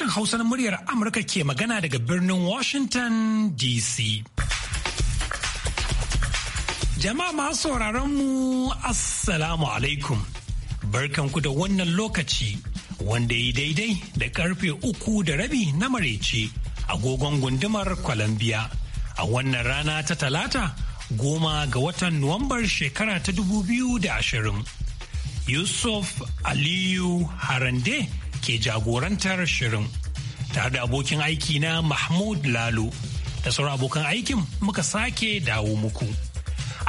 sashen Hausa na muryar Amurka ke magana daga birnin Washington DC. Jama'a masu sauraron mu Assalamu alaikum. Barkanku da wannan lokaci wanda yi daidai da karfe uku da rabi na marece agogon gundumar Columbia. A wannan rana ta talata goma ga watan Nuwambar shekara ta dubu biyu da ashirin. Yusuf Aliyu Harande ke jagorantar shirin tare da abokin aiki na Mahmud Lalo da sauran abokan aikin muka sake dawo muku.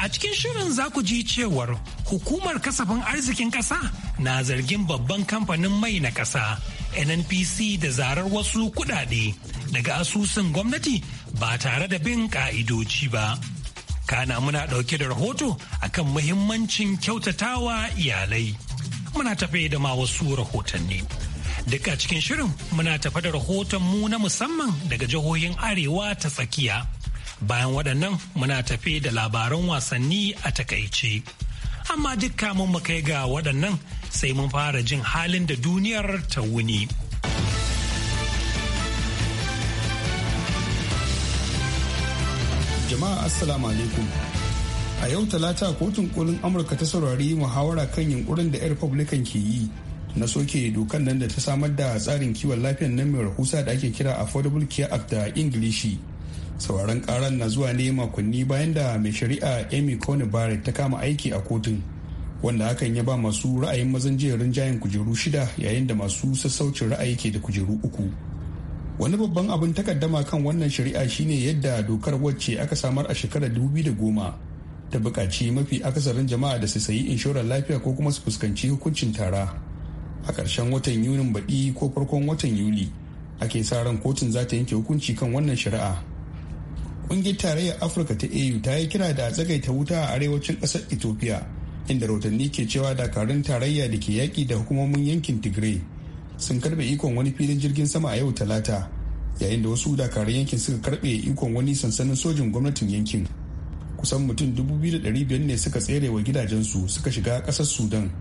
A cikin shirin za ku ji cewar hukumar kasafin arzikin ƙasa na zargin babban kamfanin mai na ƙasa NNPC da zarar wasu kuɗaɗe daga asusun gwamnati ba tare da bin ka'idoci ba. Kana muna ɗauke da rahoto akan muhimmancin kyautatawa iyalai. Muna tafe da ma wasu rahotanni. Duk a cikin shirin muna tafa da rahoton mu na musamman daga jihohin Arewa ta tsakiya. Bayan waɗannan muna tafe da labaran wasanni a takaice. Amma duk kamun mu kai ga waɗannan sai mun fara jin halin da duniyar ta wuni. Jama'a Assalamu alaikum. A yau talata kotun kolin Amurka ta saurari muhawara kan yunkurin da 'yan Republican ke yi na soke dokan nan da ta samar da tsarin kiwon lafiyan nan mai rahusa da ake kira affordable care act da ingilishi sauraron karan na zuwa ne makonni bayan da mai shari'a amy coney barrett ta kama aiki a kotun wanda hakan ya ba masu ra'ayin mazan jerin rinjayen kujeru shida yayin da masu sassaucin ra'ayi ke da kujeru uku wani babban abin takaddama kan wannan shari'a shine yadda dokar wacce aka samar a shekarar goma ta bukaci mafi akasarin jama'a da su sayi inshorar lafiya ko kuma su fuskanci hukuncin tara a ƙarshen watan yunin baɗi ko farkon watan yuli ake sa ran kotun za ta yanke hukunci kan wannan shari'a ƙungiyar tarayyar afirka ta au ta yi kira da a tsagaita wuta a arewacin ƙasar ethiopia inda rahotanni ke cewa dakarun tarayya da ke yaƙi da hukumomin yankin tigray sun karɓe ikon wani filin jirgin sama a yau talata yayin da wasu dakarun yankin suka karɓe ikon wani sansanin sojin gwamnatin yankin kusan mutum da 2,500 ne suka tsere wa gidajensu suka shiga ƙasar sudan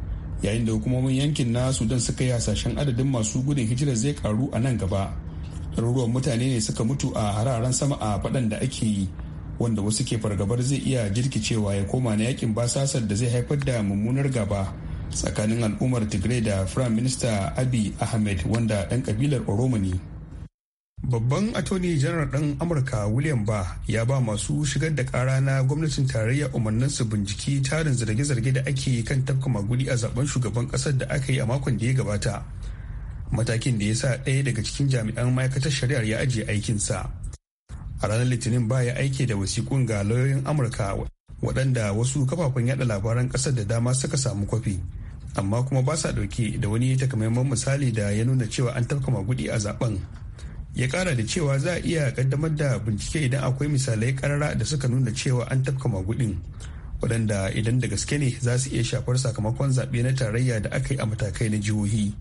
yayin da hukumomin yankin na sudan suka yi hasashen adadin masu gudun hijira zai karu a nan gaba ɗaruruwan mutane ne suka mutu a hararen sama a faɗan da ake yi wanda wasu ke fargabar zai iya jirkicewa ya koma na yakin basasar da zai haifar da mummunar gaba tsakanin al'ummar tigray da firayim minista abi ahmed wanda ɗan kabilar oromo ne babban attorney general ɗan amurka william ba ya ba masu shigar da kara na gwamnatin tarayya umarnin su binciki tarin zarge-zarge da ake kan tafka magudi a zaben shugaban ƙasar da aka yi a makon da ya gabata matakin da ya sa ɗaya daga cikin jami'an ma'aikatar shari'ar ya ajiye aikinsa a ranar litinin ba ya aike da wasiƙun ga lauyoyin amurka waɗanda wasu kafafen yada labaran ƙasar da dama suka samu kwafi amma kuma ba sa ɗauke da wani takamaiman misali da ya nuna cewa an tafka magudi a zaben ya kara da cewa za a iya kaddamar da bincike idan akwai misalai karara da suka nuna cewa an tafka magudin waɗanda idan da gaske ne za su iya shafar sakamakon zaɓe na tarayya da aka yi a matakai na jihohi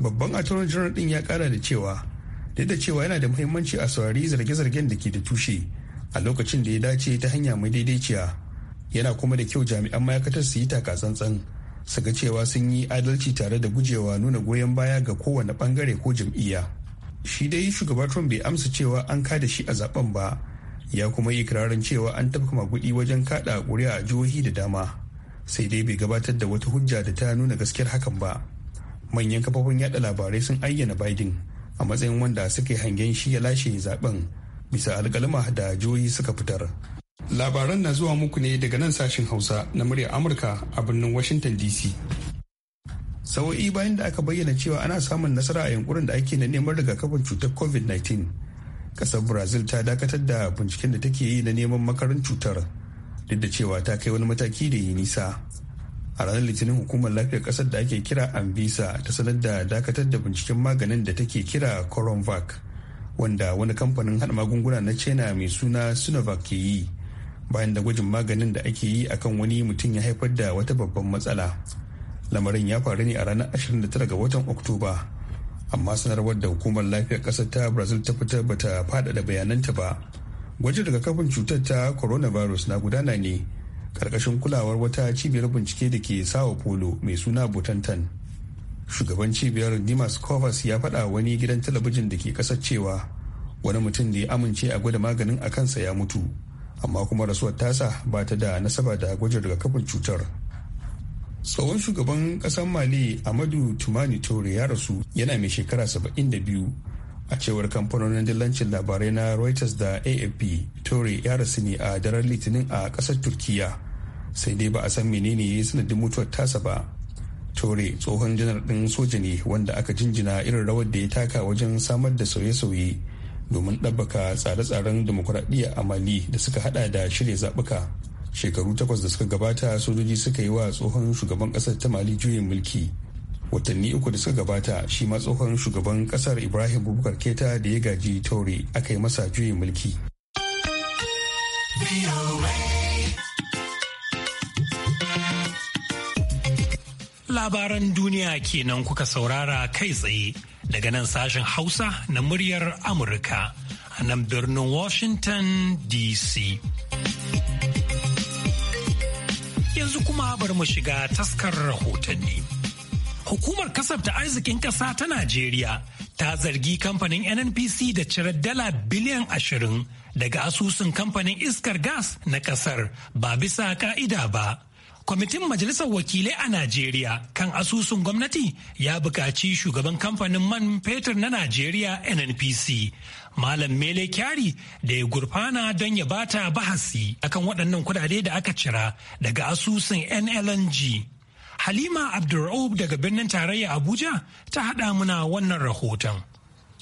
babban attorney general din ya kara da cewa duk da cewa yana da muhimmanci a saurari zarge-zargen da ke da tushe a lokacin da ya dace ta hanya mai daidaiciya yana kuma da kyau jami'an ma'aikatar su yi taka tsantsan su ga cewa sun yi adalci tare da gujewa nuna goyon baya ga kowane bangare ko jam'iyya. shi dai shugaba trump bai amsa cewa an kada shi a zaben ba ya kuma yi kirarin cewa an tafka magudi wajen kada kuri'a a jihohi da dama sai dai bai gabatar da wata hujja da ta nuna gaskiyar hakan ba manyan kafofin yada labarai sun ayyana biden a matsayin wanda suka yi hangen shi ya lashe zaben bisa alkalma da jihohi suka fitar labaran na zuwa muku ne daga nan sashen hausa na murya amurka a birnin washington dc sawa'i bayan da aka bayyana cewa ana samun nasara a yankunan da ake na neman rigakafin cutar covid-19 kasar brazil ta dakatar da binciken da take yi na neman makarin cutar duk da cewa ta kai wani mataki da yi nisa a ranar litinin hukumar lafiyar kasar da ake kira anvisa ta sanar da dakatar da binciken maganin da take kira coronavac wanda wani kamfanin hada magunguna na china mai suna sinovac ke yi bayan da gwajin maganin da ake yi akan wani mutum ya haifar da wata babban matsala lamarin ya faru ne a ranar 29 ga watan oktoba amma sanarwar da hukumar lafiyar ƙasar ta brazil ta fitar bata faɗaɗa bayananta ba gwajin daga kafin cutar ta coronavirus na gudana ne ƙarƙashin kulawar wata cibiyar bincike da ke sawa polo mai suna butantan shugaban cibiyar dimas covas ya faɗa wani gidan talabijin da ke ƙasar cewa wani mutum da ya amince a gwada maganin a kansa ya mutu amma kuma rasuwar tasa ba ta da nasaba da gwajin kafin cutar tsohon shugaban kasar mali amadu tumani tore ya rasu yana mai shekara 72 a cewar kamfanonin dillancin labarai na reuters da afp tore ya rasu ne a daren litinin a kasar turkiya sai dai ba a san menene ya sanadin mutuwar tasa ba tore tsohon janar din soja ne wanda aka jinjina irin rawar da ya taka wajen samar da sauye-sauye domin ɗabbaka tsare-tsaren demokuraɗiyya a mali da suka hada da shirya zaɓuka shekaru takwas da suka gabata sojoji suka yi wa tsohon shugaban kasar ta mali juyin mulki watanni uku da suka gabata shi ma tsohon shugaban kasar ibrahim bubakar keta da ya gaji taure aka yi masa juyin mulki labaran duniya kenan kuka saurara kai tsaye daga nan sashen hausa na muryar amurka a nan birnin washington dc yanzu kuma bar mu shiga taskar rahotanni. Hukumar kasafta arzikin ƙasa ta Najeriya ta zargi kamfanin NNPC da cire dala biliyan ashirin daga asusun kamfanin iskar gas na ƙasar ba bisa ka'ida ba. kwamitin majalisar wakilai a najeriya kan asusun gwamnati ya buƙaci shugaban kamfanin man fetur na najeriya nnpc malam mele kyari da ya gurfana don ya bata bahasi akan waɗannan kudade da aka cira daga asusun nlng halima abdulrahub daga birnin tarayya abuja ta haɗa muna wannan rahoton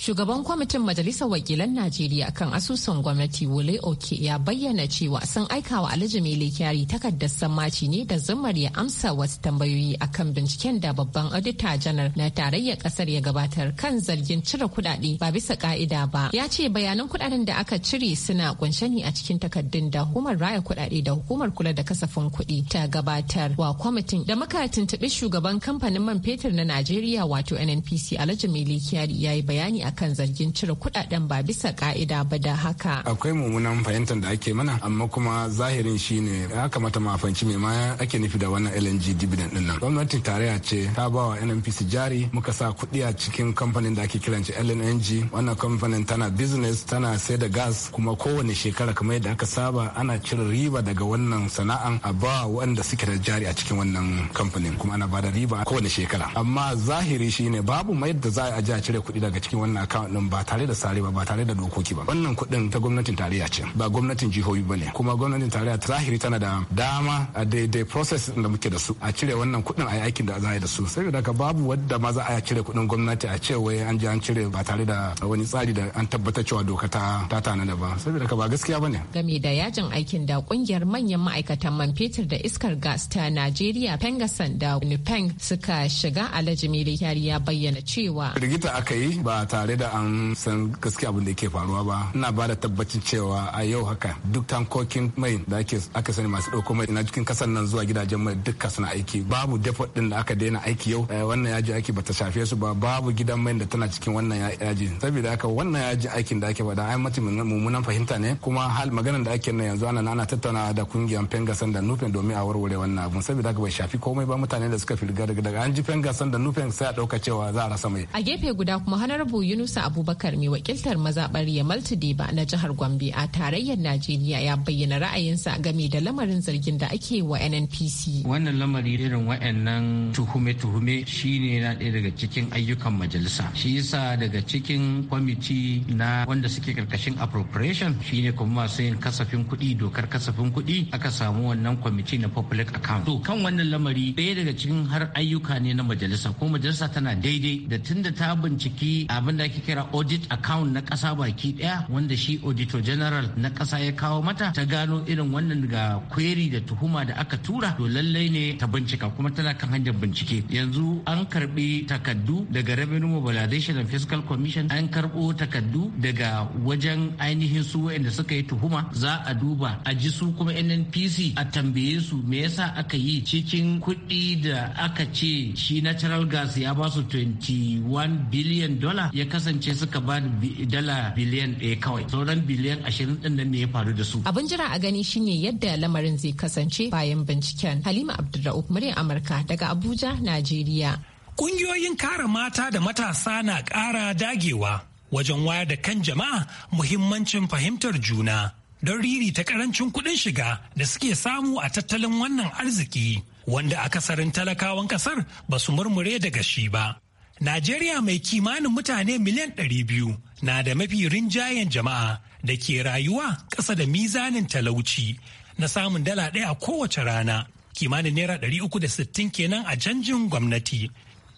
Shugaban kwamitin Majalisar Wakilan Najeriya kan asusun gwamnati Wole Oke ya bayyana cewa sun aika wa Alhaji Mele takardar sammaci ne da zumar ya amsa wasu tambayoyi akan binciken da babban Audita Janar na tarayyar kasar ya gabatar kan zargin cire kudade, ba bisa ka'ida ba. Ya ce bayanan kuɗaɗen da aka cire suna kunshe ne a cikin takardun da hukumar raya kuɗaɗe da hukumar kula da kasafin kuɗi ta gabatar wa kwamitin da muka tuntuɓi shugaban kamfanin man fetur na Najeriya wato NNPC Alhaji Mele Kyari ya yi bayani akan zargin cire kudaden ba bisa ka'ida ba da haka akwai mummunan fahimtar da ake mana amma kuma zahirin shine ya kamata ma fahimci me ma ake nufi da wannan LNG dividend din nan gwamnatin tarayya ce ta ba wa NNPC jari muka sa kuɗi a cikin kamfanin da ake kiranci LNG wannan kamfanin tana business tana sai da gas kuma kowane shekara kamar yadda aka saba ana cire riba daga wannan sana'an a ba wanda suke da jari a cikin wannan kamfanin kuma ana ba da riba kowane shekara amma zahiri shine babu mai da za a je a cire kuɗi daga cikin wannan wannan account din ba tare da sare ba ba tare da dokoki ba wannan kudin ta gwamnatin tarayya ce ba gwamnatin jihohi ba ne kuma gwamnatin tarayya ta zahiri tana da dama a daidai process da muke da su a cire wannan kudin a aikin da za a yi da su saboda ka babu wadda ma za a yi cire kudin gwamnati a ce wai an je an cire ba tare da wani tsari da an tabbatar cewa doka ta ta tanada ba saboda ka ba gaskiya bane game da yajin aikin da kungiyar manyan ma'aikatan man fetur da iskar gas ta Najeriya Pengasan da Nupeng suka shiga Alhaji Mele ya bayyana cewa rigita aka yi ba tare tare da an san gaskiya abin da yake faruwa ba ina ba da tabbacin cewa a yau haka duk tankokin mai da ake aka sani masu ɗauko mai na cikin kasan nan zuwa gidajen mai dukka suna aiki babu depot din da aka daina aiki yau eh, wannan yaji aiki bata shafe su ba babu gidan mai da tana cikin wannan yaji saboda haka wannan yaji aikin da ake faɗa ai mata mummunan fahimta ne kuma hal maganar da ake na yanzu ana ana tattauna da kungiyar fengasan da nufin domin a warware wannan abun saboda haka bai shafi komai ba mutane da suka filgar daga an ji fengasan da nufin sai a dauka cewa za a rasa mai a gefe guda kuma hanarbu Yunusa Abubakar mai wakiltar mazaɓar Yamal ba na jihar Gombe a tarayyar Najeriya ya bayyana ra'ayinsa game da lamarin zargin da ake wa NNPC. Wannan lamari irin wa'annan tuhume-tuhume shine na ɗaya daga cikin ayyukan majalisa. Shi yasa daga cikin kwamiti na wanda suke karkashin appropriation shine kuma masu yin kasafin kuɗi dokar kasafin kuɗi aka samu wannan kwamiti na public account. To kan wannan lamari ɗaya daga cikin har ayyuka ne na majalisa ko majalisa tana daidai da tunda ta binciki abin da ake kira audit account na ƙasa baki ɗaya wanda shi auditor general na ƙasa ya kawo mata ta gano irin wannan ga query da tuhuma da aka tura to lallai ne ta bincika kuma tana kan hanyar bincike yanzu an karbi takaddu daga revenue mobilization and fiscal commission an karbo takaddu daga wajen ainihin su waɗanda suka yi tuhuma za a duba a ji su kuma nnpc a tambaye su me yasa aka yi cikin kuɗi da aka ce shi natural gas ya ba su 21 billion dollar ya kasance suka ba dala biliyan ɗaya kawai sauran biliyan ashirin ɗin nan ne ya faru da su. Abin jira a gani shine yadda lamarin zai kasance bayan binciken. Halima Abdulra'uf muryar Amurka daga Abuja, Najeriya. Ƙungiyoyin kare mata da matasa na ƙara dagewa wajen wayar da kan jama'a muhimmancin fahimtar juna don riri ta karancin kuɗin shiga da suke samu a tattalin wannan arziki wanda akasarin talakawan ƙasar ba su murmure daga shi ba. Najeriya mai kimanin mutane miliyan ɗari biyu na da mafi rinjayen jama'a da ke rayuwa ƙasa da mizanin talauci na samun dala ɗaya a kowace rana kimanin naira 360 kenan a canjin gwamnati.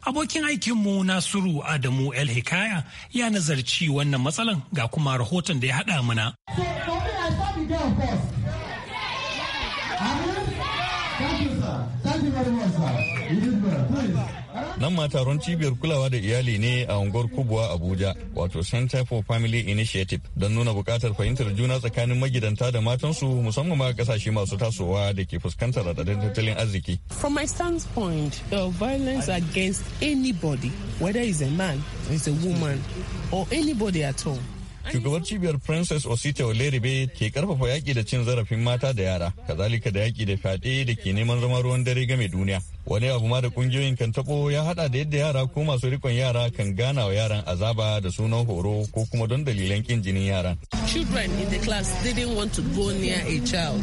Abokin aikinmu Nasiru Adamu El Hikaya ya nazarci wannan matsalan ga kuma rahoton da ya haɗa mana. Nan ma taron cibiyar kulawa da iyali ne a unguwar Kubwa Abuja, wato Center for Family Initiative, don nuna bukatar fahimtar juna tsakanin magidanta da matansu musamman ma kasashe masu tasowa da ke fuskantar radadin tattalin arziki. From my standpoint, of violence against anybody, whether is a man, is a woman, or anybody at all. Shugabar cibiyar Princess Osita Oleribe ke karfafa yaƙi da cin zarafin mata da yara, kazalika da yaƙi da fyaɗe da ke neman zama ruwan dare game duniya. Wani abu ma da ƙungiyoyin kan taɓo ya haɗa da yadda yara ko masu rikon yara kan gana wa yaran azaba da sunan horo ko kuma don dalilan ƙin jinin yaran. children in the class didn't want to go near a child.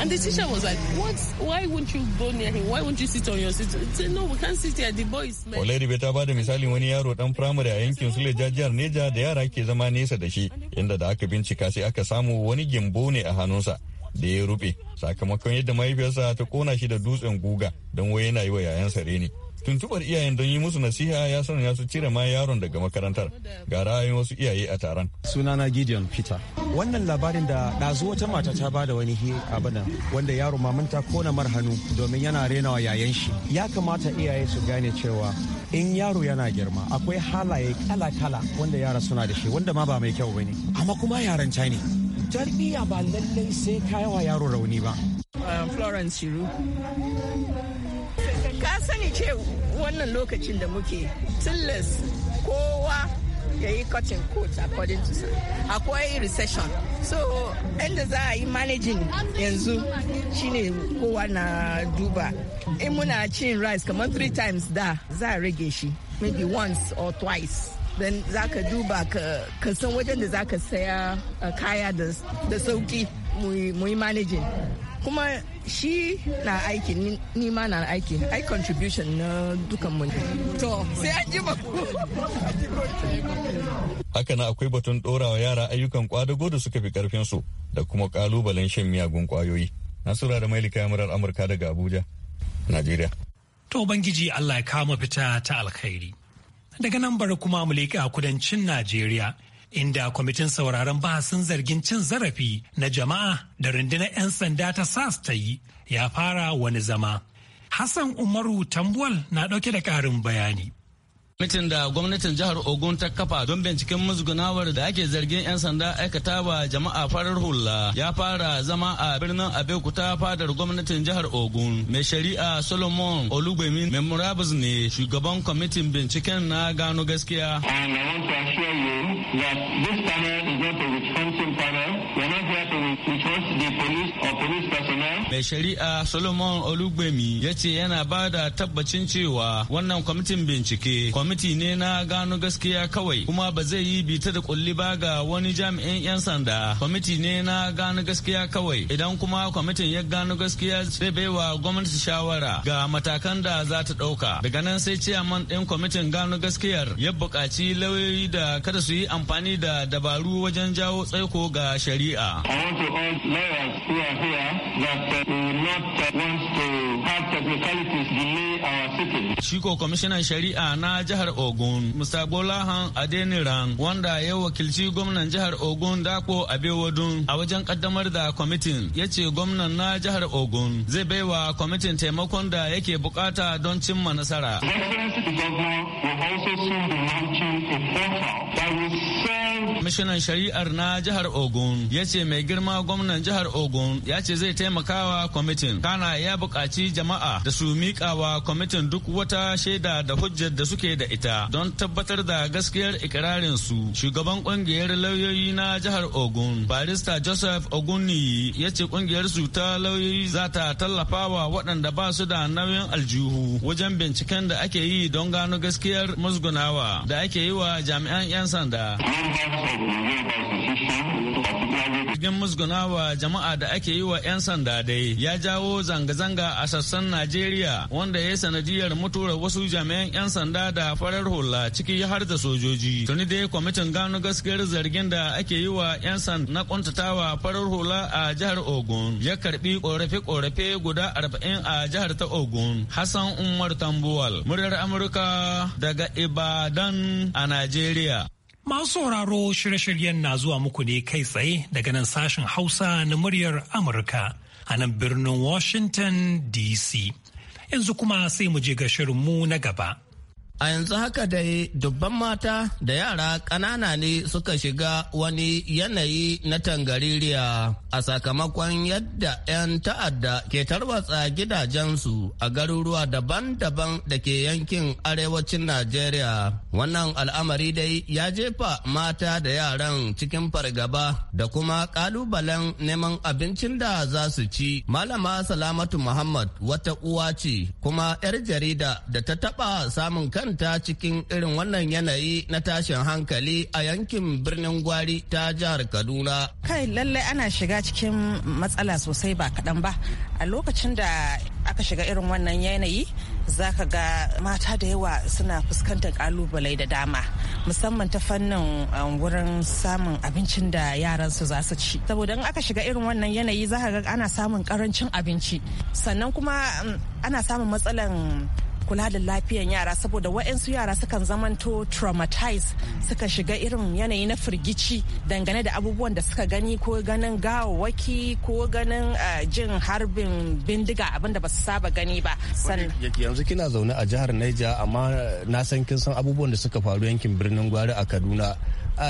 And the teacher was like, what? Why won't you go near him? Why won't you sit on your seat? He said, no, we can't sit here. The boy is mad. Oleribe ta bada misalin wani yaro dan firamare a yankin Sule jajiyar Neja da yara ke zama nesa da shi inda da aka bincika sai aka samu wani gimbo ne a hannunsa. da ya rufe sakamakon yadda mahaifiyarsa ta kona shi da dutsen guga don wai yana yi wa yayansa reni tuntubar iyayen don yi musu nasiha ya sanya su cire ma yaron daga makarantar ga ra'ayin wasu iyaye a taron sunana gideon peter wannan labarin da ɗazu wata mata ta bada wani hi abinan wanda yaro mamanta kona mar hannu domin yana renawa yayan shi ya kamata iyaye su gane cewa in yaro yana girma akwai halaye kala-kala wanda yara suna da shi wanda ma ba mai kyau bane amma kuma yaran ta ne tarbiyya ba lallai sai kayawa yaro rauni ba uh, florence shiru sani ce wannan lokacin da muke tilas kowa ya yi cotton coat according to sa akwai recession so inda za a yi managing yanzu shine kowa na duba in muna cin rice kamar three times da za a rage shi maybe once or twice don za ka duba ka san wajen da za ka saya uh, kaya da sauki mu yi managing kuma shi na aiki ni ma na aiki ai contribution na dukan mun to sai an ji haka na akwai batun dorawa yara ayyukan kwadago da suka fi karfin su da kuma kalubalen shan miyagun kwayoyi nasura da mailika murar amurka daga abuja najeriya to bangiji allah ya kama fita ta alkhairi daga nan bari kuma mu a kudancin najeriya inda kwamitin sauraron bahasin zargin cin zarafi na jama'a da rundunar 'yan sanda ta sas ta yi ya fara wani zama. Hassan Umaru Tambuwal na ɗauke da ƙarin bayani. Mitin da gwamnatin jihar Ogun ta kafa don binciken musgunawar da ake zargin 'yan sanda aikata wa jama'a farar hula ya fara zama a birnin Abeokuta fadar gwamnatin jihar Ogun. Mai shari'a Solomon Olugbemi memorabus ne shugaban kwamitin binciken na gano gaskiya. Mai shari'a Solomon Olugbemi ya ce yana ba da tabbacin cewa wannan kwamitin bincike kwamitin kwamiti ne na gano gaskiya kawai kuma ba zai yi bita da kulli ba ga wani jami'in 'yan sanda. Kwamiti ne na gano gaskiya kawai idan kuma kwamitin ya gano gaskiya zai baiwa gwamnati shawara ga matakan da za ta dauka Daga nan sai ciyaman din kwamitin gano gaskiyar ya buƙaci lauyoyi da kada su yi amfani da dabaru wajen jawo tsaiko ga shari'a. Shi ko kwamishinan shari'a na jihar jihar Ogun Musa Bolahan Adeniran wanda ya wakilci gwamnan jihar Ogun Dako Abewodun a wajen kaddamar da kwamitin ya ce gwamnan na jihar Ogun zai baiwa kwamitin taimakon da yake bukata don cimma nasara. Mishinan shari'ar na jihar Ogun ya ce mai girma gwamnan jihar Ogun ya ce zai taimakawa kwamitin. Kana ya bukaci jama'a da su miƙawa kwamitin duk wata shaida da hujjar da suke da da ita don tabbatar da gaskiyar ikirarin su. Shugaban kungiyar lauyoyi na jihar Ogun, barista Joseph Ogunni ya ce kungiyar su ta lauyoyi za ta tallafa wa waɗanda ba su da nauyin aljihu wajen binciken da ake yi don gano gaskiyar musgunawa da ake yi wa jami'an 'yan sanda. Jirgin musgunawa jama'a da ake yi wa 'yan sanda dai ya jawo zanga-zanga a sassan Najeriya wanda ya sanadiyar mutuwar wasu jami'an 'yan sanda da farar hula ciki har da sojoji. Tuni dai kwamitin gano gaskiyar zargin da ake yi wa 'yan sanda na kuntatawa farar hula a jihar Ogun ya karbi korafe-korafe guda arba'in a jihar ta Ogun. Hassan Umar Tambuwal, muryar Amurka daga Ibadan a Najeriya. Masu sauraro shirye-shiryen na zuwa muku ne kai tsaye daga nan sashen Hausa na muryar Amurka a nan birnin Washington DC. Yanzu kuma sai mu je ga shirinmu na gaba. A yanzu haka dai dubban mata da yara ƙanana ne suka shiga wani yanayi na tangaririya a sakamakon yadda 'yan ta'adda ke tarwatsa gidajensu a garuruwa daban-daban da ke yankin arewacin Najeriya. Wannan al'amari dai ya jefa mata da yaran cikin fargaba da kuma ƙalubalen neman abincin da za su ci. Malama Salamatu Muhammad wata uwa ce kuma 'yar jarida da ta taɓa samun kan kanta cikin irin wannan yanayi na tashin hankali a yankin birnin gwari ta jihar kaduna kai lallai ana shiga cikin matsala sosai ba kaɗan ba a lokacin da aka shiga irin wannan yanayi za ka ga mata da yawa suna fuskantar kalubale da dama musamman ta fannin um, wurin samun abincin da yaransu za su ci saboda in aka shiga irin wannan yanayi za ka ga ana samun karancin abinci sannan kuma um, ana samun matsalan kula da lafiyan yara saboda wa'yansu yara sukan zamanto traumatized suka shiga irin yanayi na firgici dangane da abubuwan da suka gani ko ganin gawawaki ko ganin eh, jin harbin bindiga abinda ba su saba gani ba. yanzu kina zaune a jihar Niger amma eh, na san kin san abubuwan da suka faru yankin birnin Gwari a Kaduna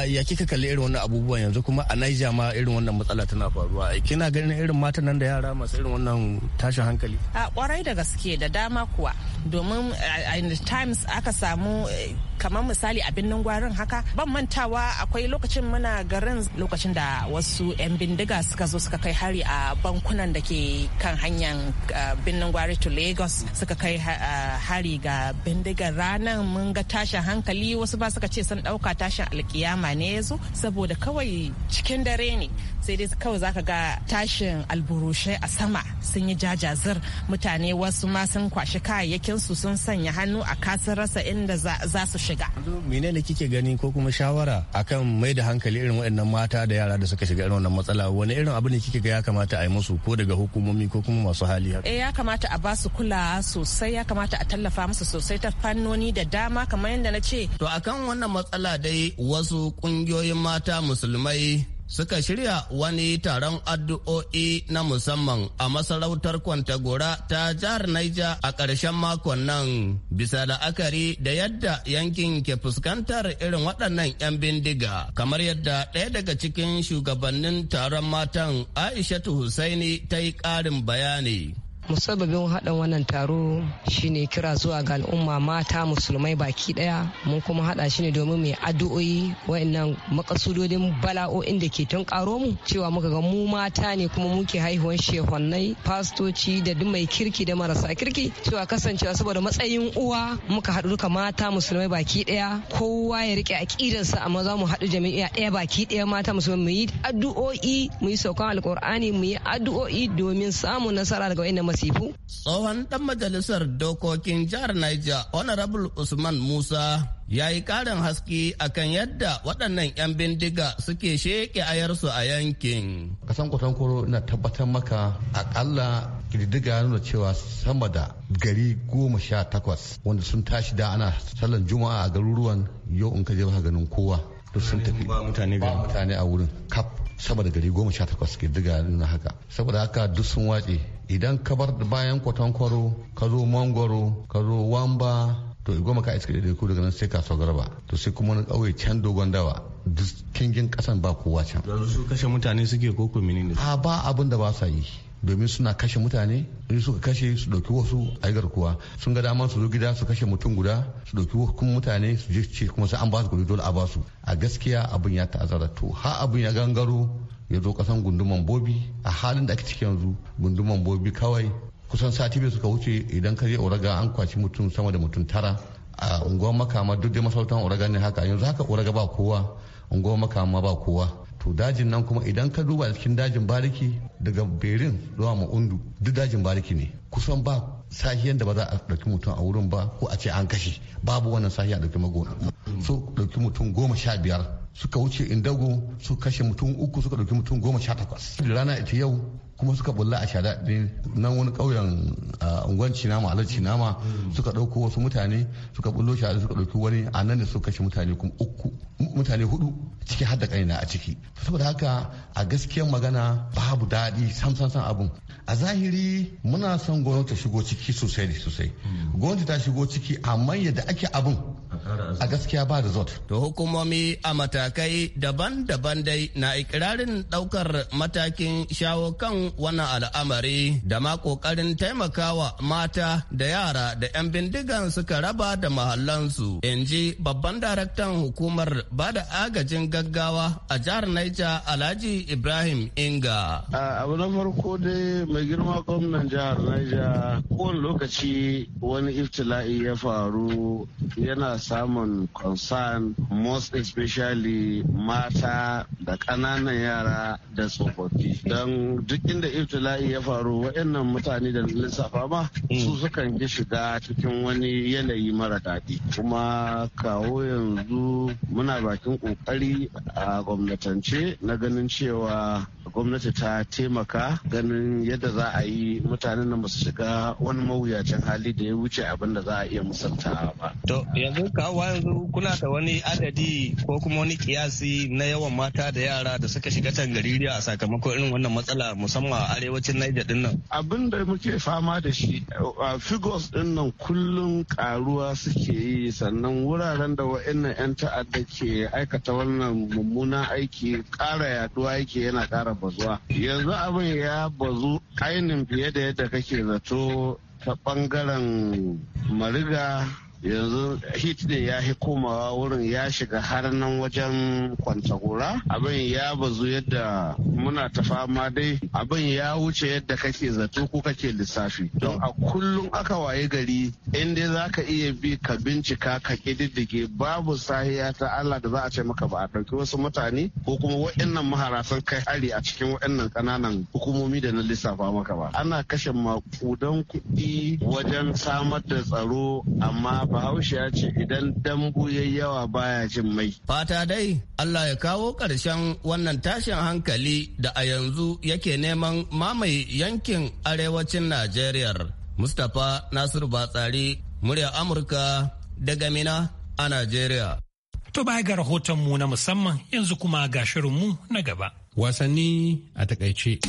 ya kika kalli irin wannan abubuwan yanzu kuma a Niger ma irin wannan matsala tana faruwa kina ganin irin matan nan da yara masu irin wannan tashin hankali a kwarai da gaske da dama kuwa domin a times aka samu eh, kamar misali a binnin gwarin haka ban mantawa akwai lokacin muna garin lokacin da wasu 'yan bindiga suka zo suka kai hari a bankunan da ke kan hanyar eh, binnin gwari to lagos suka kai eh, hari ga bindiga ranar mun ga tashin hankali wasu ba suka ce sun dauka tashin alkiya ama ne ya zo saboda kawai cikin dare ne sai dai kawai zaka ga tashin alburushai a sama sun yi jajazir mutane wasu ma sun kwashi kayayyakin su sun sanya hannu a kasar rasa inda za su shiga. menene kike gani ko kuma shawara akan mai da hankali irin waɗannan mata da yara da suka shiga irin wannan matsala wani irin abu ne kike ga ya kamata a yi musu ko daga hukumomi ko kuma masu hali eh ya kamata a ba su kula sosai ya kamata a tallafa musu sosai ta fannoni da dama kamar yadda na ce. to akan wannan matsala dai wasu kungiyoyin ƙungiyoyin mata musulmai suka shirya wani taron addu'o'i na musamman a masarautar Kwantagora ta jihar Naija a ƙarshen makon nan bisa la'akari da yadda yankin ke fuskantar irin waɗannan 'yan bindiga kamar yadda ɗaya daga cikin shugabannin taron matan Aishatu Husaini ta yi ƙarin bayani. musababin haɗin wannan taro shine kira zuwa ga al'umma mata musulmai baki ɗaya mun kuma haɗa shi ne domin mai addu'o'i wa'annan makasudodin bala'o'in da ke tun karo mu cewa muka ga mu mata ne kuma muke haihuwan shehonnai fastoci da duk mai kirki da marasa kirki cewa kasancewa saboda matsayin uwa muka haɗu duka mata musulmai baki ɗaya kowa ya rike aƙidarsa amma za mu haɗu jami'a ɗaya baki ɗaya mata musulmai mu yi addu'o'i mu yi saukan alƙur'ani mu yi addu'o'i domin samun nasara daga wa'annan masifu? Tsohon dan majalisar dokokin jihar Niger, Honorable Usman Musa, ya yi karin haske akan yadda waɗannan 'yan bindiga suke sheke ayarsu a yankin. Kasan koro na tabbatar maka akalla ƙididdiga nuna cewa sama da gari goma sha takwas wanda sun tashi da ana sallan juma'a a garuruwan yau in ka je ba ganin kowa. sun tafi ba mutane a wurin kap sama da gari goma sha takwas diga nuna haka saboda haka duk sun watse idan ka bar bayan kwatankwaro ka zo mangwaro ka zo wamba to goma ka iska daidai ko daga nan sai kasuwa garba to sai kuma wani ƙauye can dogon dawa duk kingin ƙasan ba kowa can. yanzu su kashe mutane suke ko kumini ne. a ba abin da ba sa yi domin suna kashe mutane in suka kashe su ɗauki wasu a yi garkuwa sun ga daman su zo gida su kashe mutum guda su ɗauki wasu mutane su je ce kuma sai an ba su gudu dole a ba su a gaskiya abin ya ta'azara to ha abin ya gangaro ya zo kasan gunduman bobi a halin da ake ciki yanzu gunduman bobi kawai kusan sati bai suka wuce idan ka je oraga an kwaci mutum sama da mutum tara a unguwar makama duk dai masautan oraga ne haka yanzu haka oraga ba kowa unguwar makama ba kowa to dajin nan kuma idan ka duba cikin dajin bariki daga berin zuwa ma'undu duk dajin bariki ne kusan ba sahiyan da ba za a ɗauki mutum a wurin ba ko a ce an kashe babu wannan sahiya ɗauki magona su ɗauki mutum goma sha biyar suka wuce indago su kashe mutum uku suka ɗauki mutum goma sha takwas rana ita yau kuma suka bulla a shadaɗe nan wani ƙauyen unguwan cinama alar nama suka ɗauko wasu mutane suka bullo shadaɗe suka ɗauki wani a nan da suka kashe mutane kuma uku mutane hudu ciki har da ƙaina a ciki saboda haka a gaskiyar magana babu daɗi sam sam sam abun a zahiri muna son gwamnati ta shigo ciki sosai sosai gwamnati ta shigo ciki amma yadda ake abun a gaskiya ba resort. To hukumomi a matakai daban-daban dai na ikirarin daukar matakin shawo kan wannan al'amari da ma kokarin taimakawa mata da yara da 'yan bindigan suka raba da mahallansu in ji babban daraktan hukumar ba da agajin gaggawa a jihar Naija Alhaji Ibrahim Inga. Abu na farko dai mai girma gwamnan jihar Naija kowane lokaci wani iftila'i ya faru yana samun concern most especially mata da ƙananan yara da tsofaffi don duk inda iftila'i ya faru waɗannan mutane da lissafa ma su mm. sukan ji shiga cikin wani yanayi mara daɗi kuma kawo yanzu muna bakin ƙoƙari a gwamnatance na ganin cewa gwamnati ta taimaka ganin yadda za a yi mutanen da su shiga wani mawuyacin hali da ya wuce abin da za a iya musanta ba. To yanzu Kawo yanzu kuna da wani adadi ko kuma wani kiyasi na yawan mata da yara da suka shiga tangaririya a sakamakon irin wannan matsala musamman a arewacin Niger din nan. Abin da muke fama da shi a figures din nan kullum karuwa suke yi sannan wuraren da wa'annan 'yan ta'adda ke aikata wannan mummunan aiki ƙara yaduwa yake yana kara bazuwa. Yanzu abin ya bazu ainin fiye da yadda kake zato ta bangaren mariga yanzu hit ne ya fi komawa wurin ya shiga har nan wajen kwantagora abin ya bazu yadda muna ta fama dai abin ya wuce yadda kake zato ko kake lissafi don a kullum aka waye gari in dai za ka iya bi ka bincika ka kididdige babu sahiya ta Allah da za a ce maka ba a ɗauki wasu mutane ko kuma wa'annan maharasan kai hari a cikin wa'annan ƙananan hukumomi da na lissafa maka ba ana kashe makudan kuɗi wajen samar da tsaro amma bahaushe ya ce idan dambu ya yawa baya jin mai. Fata dai Allah ya kawo ƙarshen wannan tashin hankali da a yanzu yake neman mamaye yankin arewacin Najeriya. Mustapha Nasiru Batsari, murya Amurka daga Mina a Najeriya. To baya ga rahotonmu na musamman yanzu kuma ga shirinmu na gaba. Wasanni a takaice.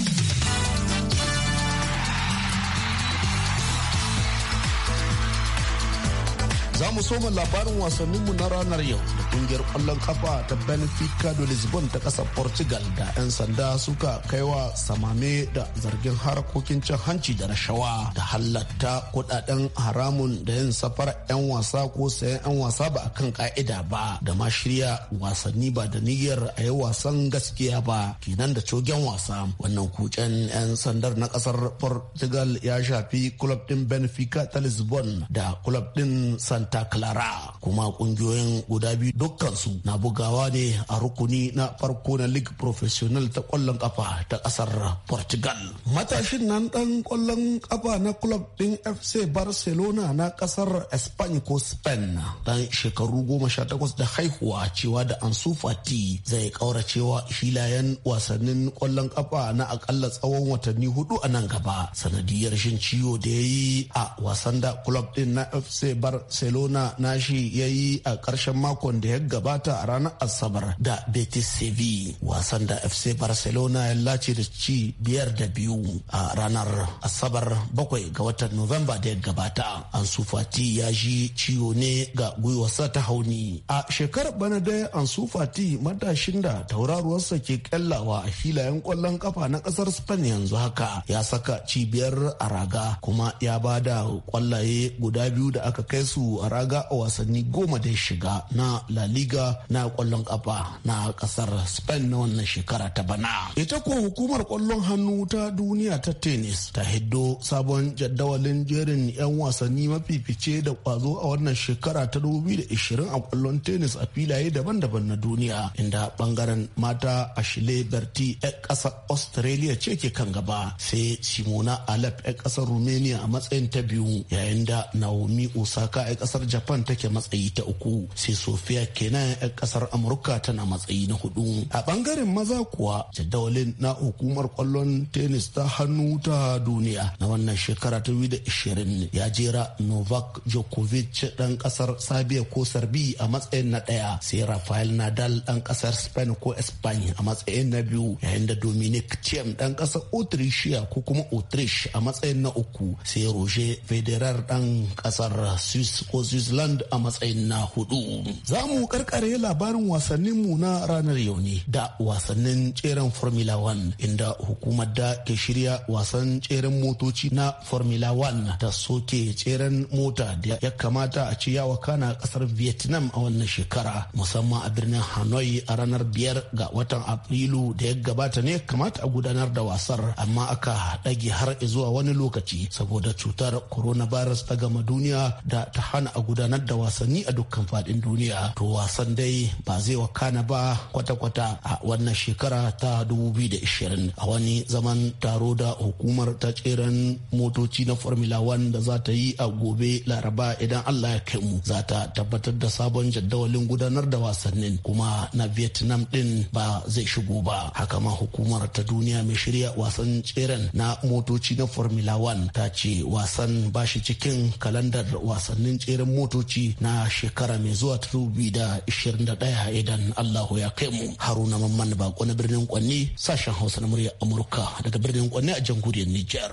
Za mu soma labarin wasanninmu na ranar yau da kungiyar kwallon kafa ta Benfica da Lisbon ta ƙasar Portugal da 'yan sanda suka kaiwa samame da zargin harkokin cin hanci da rashawa da halatta kudaden haramun da yin safar 'yan wasa ko sayan 'yan wasa ba a kan ka'ida ba da ma shirya wasanni ba da niyyar a yi wasan gaskiya ba kenan da cogen wasa wannan kucen 'yan sandar na ƙasar Portugal ya shafi kulob din Benfica ta Lisbon da club din San santa clara kuma kungiyoyin guda biyu dukkansu na bugawa ne a rukuni na farko na league professional ta kwallon kafa ta kasar portugal matashin nan dan kwallon kafa na club din fc barcelona na kasar spain ko spain dan shekaru goma sha takwas da haihuwa cewa da ansu fati zai cewa filayen wasannin kwallon kafa na akalla tsawon watanni hudu a nan gaba sanadiyar shin ciwo da ya yi a wasan da club din na fc barcelona barcelona nashi ya yi a ƙarshen makon da ya gabata a ranar asabar da betis sevi wasan da fc barcelona ya lace da ci biyar da biyu a ranar asabar bakwai ga watan novemba da ya gabata an sufati ya ji ciwo ne ga gwiwarsa ta hauni a shekarar bana da an sufati matashin da tauraruwarsa ke kyallawa a filayen kwallon kafa na ƙasar spain yanzu haka ya saka cibiyar a raga kuma ya ba da kwallaye guda biyu da aka kai su a raga a wasanni goma da shiga na La Liga na kwallon kafa na kasar Spain na wannan shekara ta bana. Ita ko hukumar kwallon hannu ta duniya ta tennis ta hiddo sabon jadawalin jerin 'yan wasanni mafifice da kwazo a wannan shekara ta 2020 a kwallon tennis a filaye daban-daban na duniya inda bangaren mata shile Berti 'yan kasar Australia ce ke kan gaba sai Simona Alep 'yan kasar Romania a matsayin ta biyu yayin da Naomi Osaka 'yan kasar kasar japan take matsayi ta uku sai sofiya kenan yan kasar amurka tana matsayi na hudu a bangaren maza kuwa jadawalin na hukumar kwallon tennis ta hannu ta duniya na wannan shekara ta ishirin ya jera novak djokovic dan kasar sabia ko sarbi a matsayin na daya sai rafael nadal dan kasar spain ko spain a matsayin na biyu yayin da dominic thiem dan kasar autrichia ko kuma autrish a matsayin na uku sai roger federer dan kasar swiss ko switzerland a matsayin na hudu za mu karkare labarin wasannin mu na ranar yau ne da wasannin tseren formula one inda hukumar da ke shirya wasan tseren motoci na formula one ta soke tseren mota da ya kamata a ci yawa kana kasar vietnam a wannan shekara musamman a birnin hanoi a ranar biyar ga watan afrilu da ya gabata ne kamata a gudanar da wasar amma aka ɗage har zuwa wani lokaci saboda cutar coronavirus ta gama duniya da ta hana a gudanar da wasanni a dukkan fadin duniya to wasan dai ba zai wakana ba kwata-kwata a wannan shekara ta 2020 a wani zaman taro da hukumar ta tseren motoci na formula 1 da za ta yi a gobe laraba idan allah ya kai mu za ta tabbatar da sabon jadawalin gudanar da wasannin kuma na vietnam din ba zai shigo ba haka ma hukumar ta duniya mai shirya wasan tseren na motoci na formula 1 ta ce wasan ba shi cikin kalandar wasannin tseren adadin motoci na shekara mai zuwa da da ishirin ɗaya idan Allahu ya kai mu. Haruna Mamman Bako na birnin Kwanni sashen Hausa na murya Amurka daga birnin Kwanni a jamhuriyar niger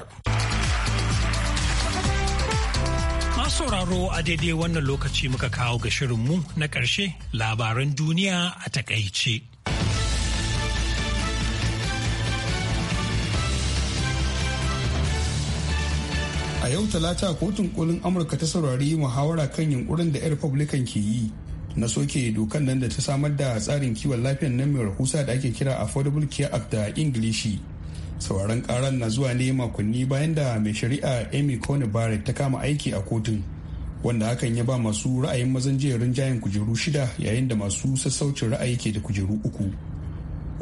sauraro a daidai wannan lokaci muka kawo ga shirinmu na ƙarshe labaran duniya a takaice. a yau talata kotun kolin amurka ta saurari muhawara kan yunkurin da 'yan republican ke yi na soke dokan nan da ta samar da tsarin kiwon lafiyan nan mai rahusa da ake kira affordable care act da ingilishi sauraron karan na zuwa ne makonni bayan da mai shari'a amy coney barrett ta kama aiki a kotun wanda hakan ya ba masu ra'ayin mazan jerin jayin kujeru shida yayin da masu sassaucin ra'ayi ke da kujeru uku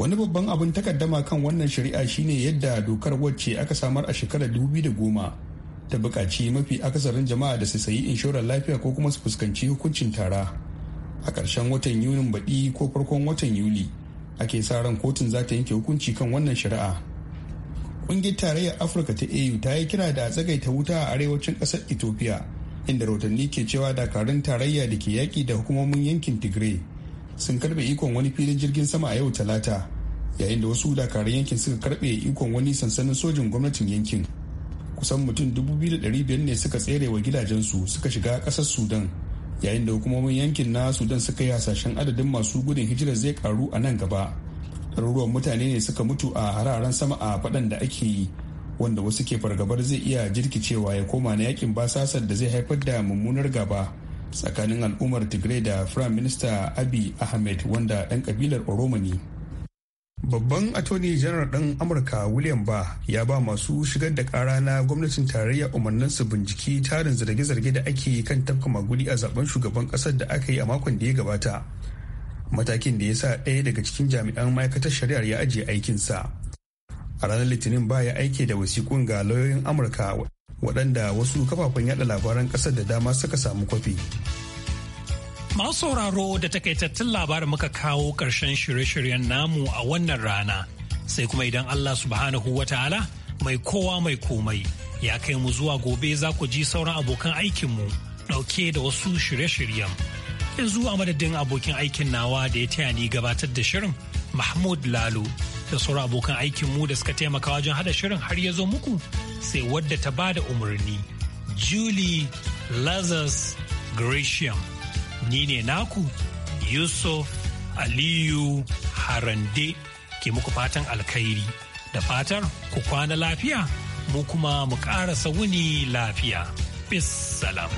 wani babban abin takaddama kan wannan shari'a shine yadda dokar wacce aka samar a shekarar goma. ta buƙaci mafi akasarin jama'a da su sayi inshorar lafiya ko kuma su fuskanci hukuncin tara a ƙarshen watan yunin baɗi ko farkon watan yuli ake sa ran kotun za ta yanke hukunci kan wannan shari'a ƙungiyar tarayyar afirka ta au ta yi kira da a tsagaita wuta a arewacin ƙasar ethiopia inda rahotanni ke cewa dakarun tarayya da ke yaƙi da hukumomin yankin tigray sun karɓe ikon wani filin jirgin sama a yau talata yayin da wasu dakarun yankin suka karɓe ikon wani sansanin sojin gwamnatin yankin kusan mutum biyar ne suka tsere wa gidajensu suka shiga ƙasar sudan yayin da hukumomin yankin na sudan suka yi hasashen adadin masu gudun hijira zai karu a nan gaba ɗaruruwan mutane ne suka mutu a hararen sama a faɗan da ake yi wanda wasu ke fargabar zai iya jirkicewa ya koma na yakin basasar da zai haifar da mummunar gaba tsakanin al'ummar tigray da firayim minista abi ahmed wanda ɗan kabilar oromo Babban Attorney General ɗan Amurka William Ba ya ba masu shigar da ƙara na gwamnatin tarayya umarnin su binciki tarin zarge-zarge da ake kan tafka maguli a zaben shugaban ƙasar da aka yi a makon da ya gabata. Matakin da ya sa ɗaya daga cikin jami'an ma'aikatar shari'ar ya ajiye aikinsa. A ranar Litinin ba ya aike da wasiƙun ga lauyoyin Amurka waɗanda wasu kafafen yaɗa labaran ƙasar da dama suka samu kwafi. Masu sauraro da takaitattun labarin muka kawo ƙarshen shirye-shiryen namu a wannan rana. Sai kuma idan Allah subhanahu wa ta'ala mai kowa mai komai ya kai mu zuwa gobe za ku ji sauran abokan aikinmu ɗauke da wasu shirye-shiryen. Yanzu a madadin abokin aikin nawa da ya taya ni gabatar da shirin Mahmud Lalo da sauran abokan aikinmu da suka taimaka wajen hada shirin har ya zo muku sai wadda ta ba da umarni. Julie Lazarus Gratiam. ni ne naku yusuf aliyu harande ke muku fatan alkhairi da fatar ku kwana lafiya mu kuma mu ƙara wuni lafiya bis salam